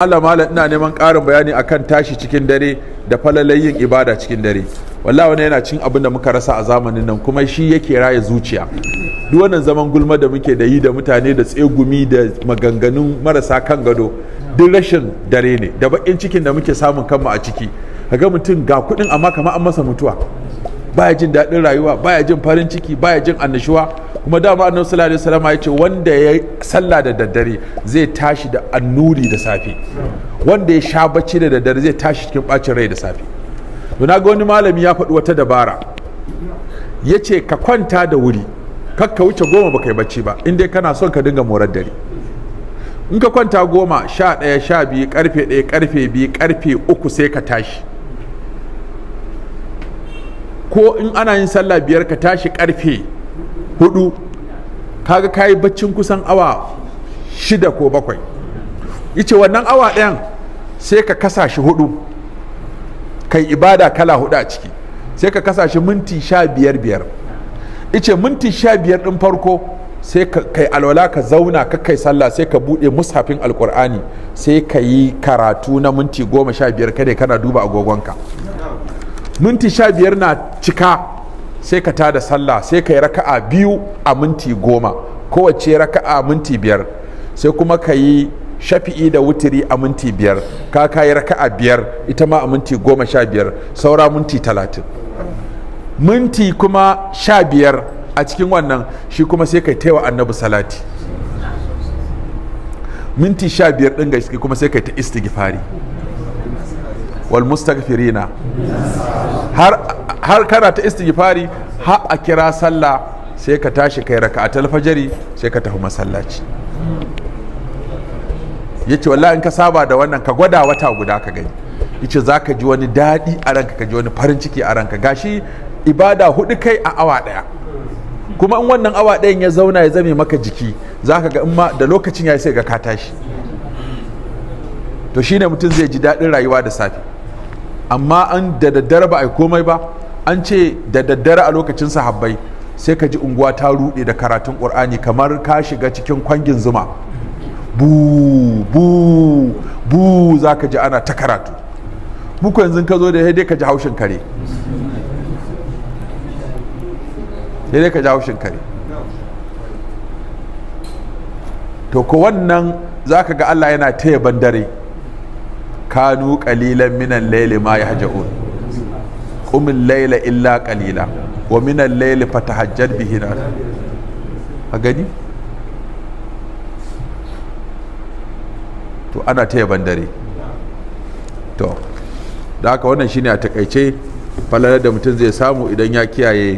Allah malam ina neman ƙarin bayani akan tashi cikin dare da falalayin ibada cikin dare wallahi wani yana cin abin da muka rasa a zamanin nan kuma shi yake raya zuciya duk wannan zaman gulma da muke da yi da mutane da tsegumi da maganganun marasa kan gado duk rashin dare ne da bakin cikin da muke samun kanmu a ciki kaga mutum ga kuɗin amma kamar an masa mutuwa baya jin daɗin rayuwa baya jin farin ciki baya jin annashuwa kuma dama annabi sallallahu alaihi wasallam ya ce wanda ya sallah da daddare zai tashi da annuri da safe wanda ya sha bacci da daddare zai tashi cikin bacin rai da safe to na ga wani malami ya faɗi wata dabara ya ce ka kwanta da wuri kar ka wuce goma baka yi bacci ba in dai kana son ka dinga morar dare in ka kwanta goma sha ɗaya sha biyu karfe ɗaya karfe biyu karfe uku sai ka tashi ko in ana yin sallah biyar ka tashi karfe hudu kaga kayi baccin kusan awa shida ko bakwai yace wannan awa ɗayan sai ka kasa shi hudu kai ibada kala hudu a ciki sai ka kasa shi minti sha biyar biyar ice minti sha biyar ɗin farko sai kai alwala ka zauna ka kai sallah sai ka buɗe mushafin alkur'ani sai ka yi karatu na minti goma sha biyar kada kana duba agogonka minti sha biyar na cika sai ka tada sallah sai ka yi raka'a biyu a minti goma kowace raka'a minti biyar sai kuma ka yi shafi'i da wutiri a minti biyar ka kayi raka'a biyar ita ma a minti goma sha biyar saura minti talatin minti kuma sha biyar a cikin wannan shi kuma sai kai taiwa annabi salati minti sha biyar ɗin ga kuma sai kai ta istighfari wal mustaghfirina har kana ta istighfari har a kira sallah sai ka tashi kai a talfajari sai ka tafi masallaci Ya ce wallahi in ka saba da wannan ka gwada wata guda ka gani Ya ce za ka ji wani daɗi a ranka ka ji wani farin ciki a ranka gashi ibada hudu kai a awa ɗaya kuma in wannan awa ɗayan ya zauna ya zame maka jiki za ka ga in ma da lokacin ya sai ga ka tashi to shine mutum zai ji daɗin rayuwa da safe amma an da daddare ba a komai ba an ce da daddare a lokacin sahabbai sai ka ji unguwa ta rude da karatun ƙur'ani kamar ka shiga cikin kwangin zuma bu bu bu za ka ji ana ta karatu muku yanzu ka zo da dai ka ji haushin kare dai ka ji haushin kare to ko wannan za ka ga allah yana taya bandare kanu kalilan minan laili ma ya haja'un kumin laila illa kalila wa minan laili fatahajjad bihi na a gani to ana ta yaban dare to da wannan shine a takaice falalar da mutum zai samu idan ya kiyaye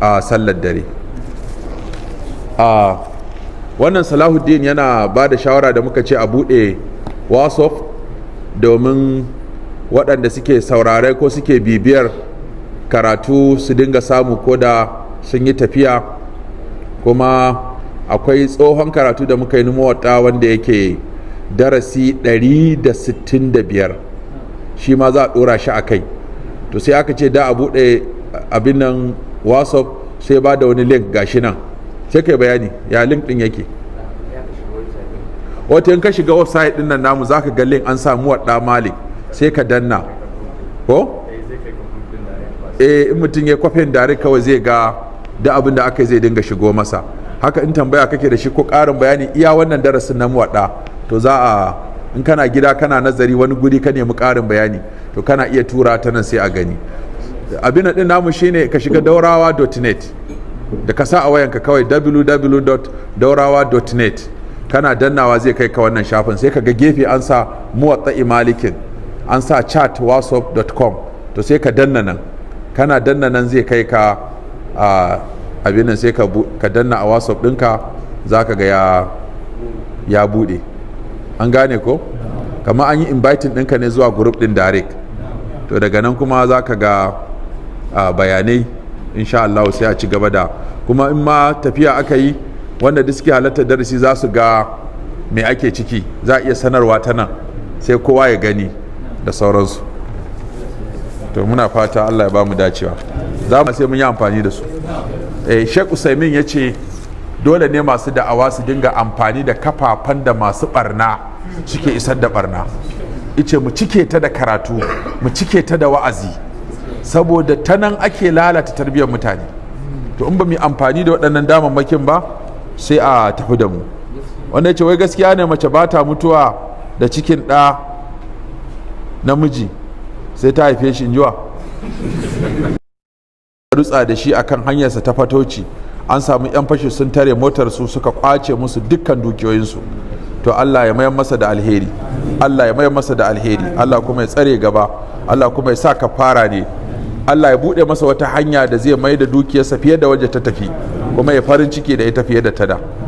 a sallar dare a wannan salahuddin yana ba da shawara da muka ce a buɗe wasof domin waɗanda suke saurare ko suke bibiyar karatu su dinga samu ko da sun yi tafiya kuma akwai tsohon karatu da muka yi numuwata wanda yake darasi 165 shi ma za a ɗora shi a kai to sai aka ce da a buɗe abin nan whatsapp sai ba da wani link gashi nan sai kai bayani ya link ɗin yake wata in ka shiga website ɗin nan namu za ka ga link an samu waɗa malik sai ka danna ko eh mutum ya kwafin dare kawai zai ga da abin da aka zai dinga shigo masa haka in tambaya kake da shi ko karin bayani iya wannan darasin na muwaɗa to za a in kana gida kana nazari wani guri ka nemi karin bayani to kana iya tura ta nan sai a gani abin din namu shine ka shiga daurawa.net da ka sa a wayanka kawai www.daurawa.net kana dannawa zai kai ka wannan shafin sai ka ga gefe an sa muwaɗa malikin. an sa chatwhatsapp.com to sai ka danna nan kana danna nan zai kai ka abin sai ka danna a whatsapp ɗinka za ka ga ya bude an gane ko kama an yi inviting ɗinka ne zuwa group ɗin direct to daga nan kuma za ka ga bayanai insha Allah sai a ci gaba da kuma in ma tafiya aka yi wanda da suke halartar darasi za su ga me ake ciki za a iya sanarwa ta nan sai kowa ya gani da sauransu to muna fata Allah ya ba mu dacewa za mu sai mun yi amfani da su eh Sheikh Usaimin ya ce dole ne masu da'awa su dinga amfani da kafafan da masu barna suke isar da barna ice mu cike ta da karatu mu cike ta da wa'azi saboda ta nan ake lalata tarbiyyar mutane to in ba mu amfani da waɗannan damammakin ba sai a tafi da mu wanda ce wai gaskiya ne mace ba ta mutuwa da cikin ɗa namiji sai ta haife shi injiwa rutsa da shi akan hanyarsa ta fatoci an samu 'yan fashi sun tare motar su suka kwace musu dukkan dukiyoyinsu to Allah ya mayar masa da alheri Allah ya mayar masa da alheri Allah kuma ya tsare gaba Allah kuma ya sa kafara ne Allah ya buɗe masa wata hanya da zai mai da dukiyarsa fiye da waje ta tafi kuma ya farin ciki da ita fiye da ta da